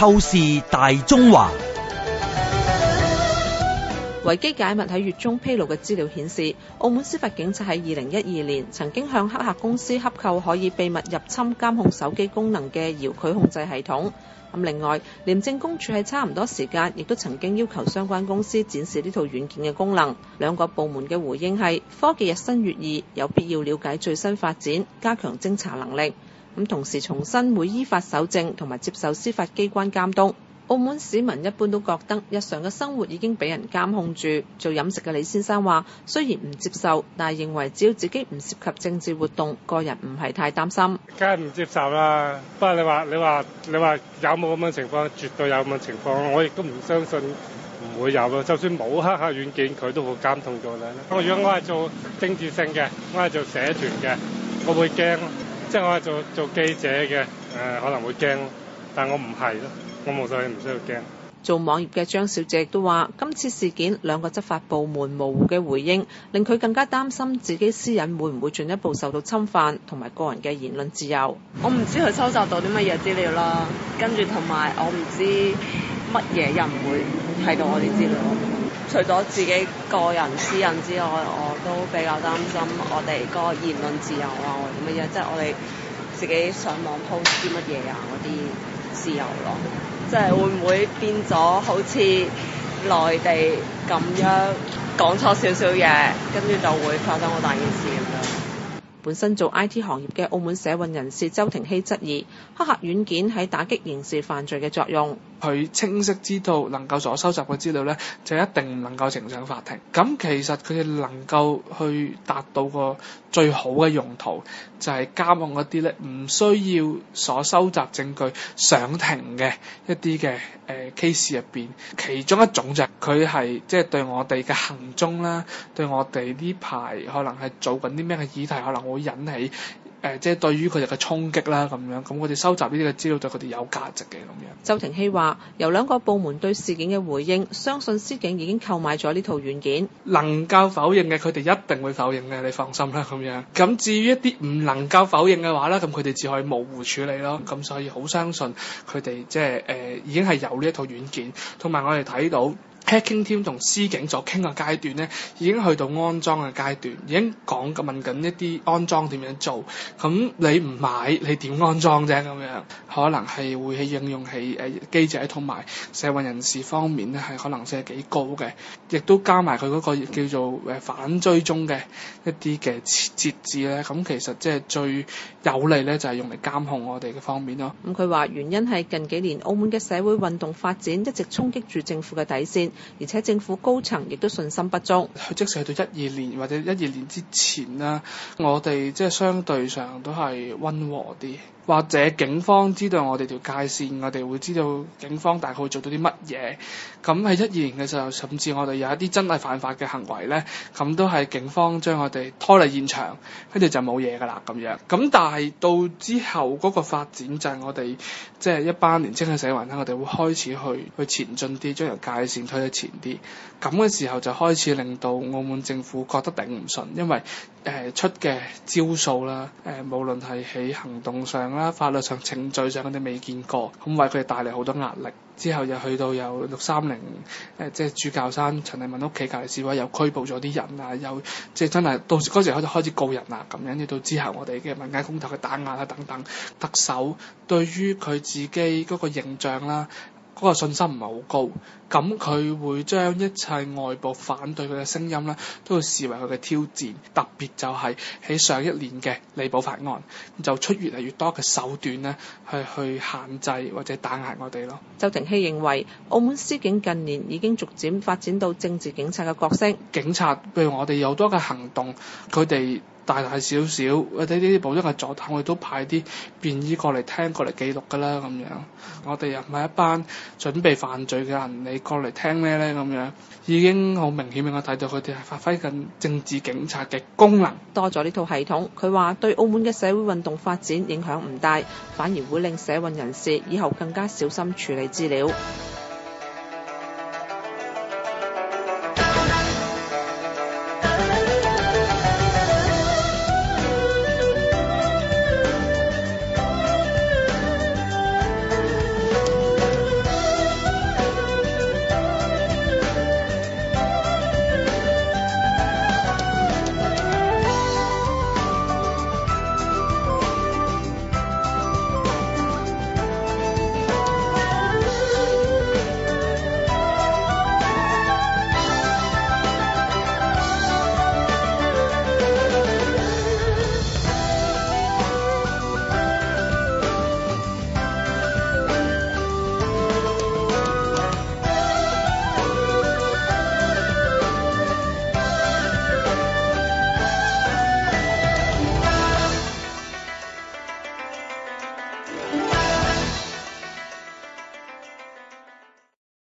透視大中華維基解密喺月中披露嘅資料顯示，澳門司法警察喺二零一二年曾經向黑客公司洽購可以秘密入侵監控手機功能嘅遙距控制系統。咁另外，廉政公署喺差唔多時間亦都曾經要求相關公司展示呢套軟件嘅功能。兩個部門嘅回應係：科技日新月異，有必要了解最新發展，加強偵查能力。咁同時重申會依法守正同埋接受司法機關監督。澳門市民一般都覺得日常嘅生活已經俾人監控住。做飲食嘅李先生話：雖然唔接受，但係認為只要自己唔涉及政治活動，個人唔係太擔心。梗係唔接受啦。不過你話你話你話有冇咁樣情況？絕對有咁樣情況。我亦都唔相信唔會有咯。就算冇黑客軟件，佢都好監控住你。我如果我係做政治性嘅，我係做社團嘅，我會驚。即係我係做做記者嘅，誒、呃、可能會驚，但我唔係咯，我冇所謂，唔需要驚。做網頁嘅張小姐亦都話：今次事件兩個執法部門模糊嘅回應，令佢更加擔心自己私隱會唔會進一步受到侵犯，同埋個人嘅言論自由。我唔知佢收集到啲乜嘢資料啦，跟住同埋我唔知乜嘢人會睇到我啲資料。除咗自己個人私隱之外，我都比較擔心我哋個言論自由啊，或者乜嘢，即係我哋自己上網 post 啲乜嘢啊，嗰啲自由咯，即係會唔會變咗好似內地咁樣講錯少少嘢，跟住就會發生好大件事咁樣。本身做 IT 行業嘅澳門社運人士周庭希質疑黑客軟件喺打擊刑事犯罪嘅作用。佢清晰知道能夠所收集嘅資料呢，就一定唔能夠呈上法庭。咁其實佢哋能夠去達到個最好嘅用途，就係、是、監控嗰啲呢，唔需要所收集證據上庭嘅一啲嘅誒 case 入邊，其中一種就係佢係即係對我哋嘅行蹤啦，對我哋呢排可能係做緊啲咩嘅議題，可能會引起。誒，即係對於佢哋嘅衝擊啦，咁樣，咁我哋收集呢啲嘅資料對佢哋有價值嘅咁樣。周庭希話：由兩個部門對事件嘅回應，相信司警已經購買咗呢套軟件。能夠否認嘅，佢哋一定會否認嘅，你放心啦。咁樣，咁至於一啲唔能夠否認嘅話咧，咁佢哋只可以模糊處理咯。咁所以好相信佢哋，就是，即係誒，已經係有呢一套軟件，同埋我哋睇到。Hacking team 同司警在傾嘅階段咧，已經去到安裝嘅階段，已經講問緊一啲安裝點樣做。咁你唔買，你點安裝啫？咁樣可能係會喺應用喺誒記者同埋社運人士方面咧，係可能性係幾高嘅。亦都加埋佢嗰個叫做誒反追蹤嘅一啲嘅設置咧。咁其實即係最有利咧，就係用嚟監控我哋嘅方面咯。咁佢話原因係近幾年澳門嘅社會運動發展一直衝擊住政府嘅底線。而且政府高層亦都信心不足。佢即使去到一二年或者一二年之前啦，我哋即係相對上都係溫和啲。或者警方知道我哋條界線，我哋會知道警方大概會做到啲乜嘢。咁喺一二年嘅時候，甚至我哋有一啲真係犯法嘅行為咧，咁都係警方將我哋拖嚟現場，跟住就冇嘢噶啦咁樣。咁但係到之後嗰個發展就係我哋即係一班年青嘅社民咧，我哋會開始去去前進啲，將條界線推得前啲。咁嘅時候就開始令到澳門政府覺得頂唔順，因為誒、呃、出嘅招數啦，誒、呃、無論係喺行動上啦，法律上，程序上佢哋未見過，咁為佢哋帶嚟好多壓力。之後又去到有六三零，誒即係主教山陳麗文屋企隔離示威，又拘捕咗啲人啊，又即係、就是、真係到時嗰陣時佢就開始告人啦，咁樣。樣。到之後我哋嘅民間公投嘅打壓啊等等，特首對於佢自己嗰個形象啦。嗰個信心唔係好高，咁佢會將一切外部反對佢嘅聲音呢，都會視為佢嘅挑戰，特別就係喺上一年嘅《彌補法案》，就出越嚟越多嘅手段呢，係去限制或者打壓我哋咯。周庭希認為，澳門司警近年已經逐漸發展到政治警察嘅角色，警察譬如我哋有多嘅行動，佢哋，大大小小，我哋呢啲保障嘅座談，我哋都派啲便衣過嚟聽，過嚟記錄噶啦咁樣。我哋又唔係一班準備犯罪嘅人，你過嚟聽咩呢？咁樣？已經好明顯，俾我睇到佢哋係發揮緊政治警察嘅功能。多咗呢套系統，佢話對澳門嘅社會運動發展影響唔大，反而會令社運人士以後更加小心處理資料。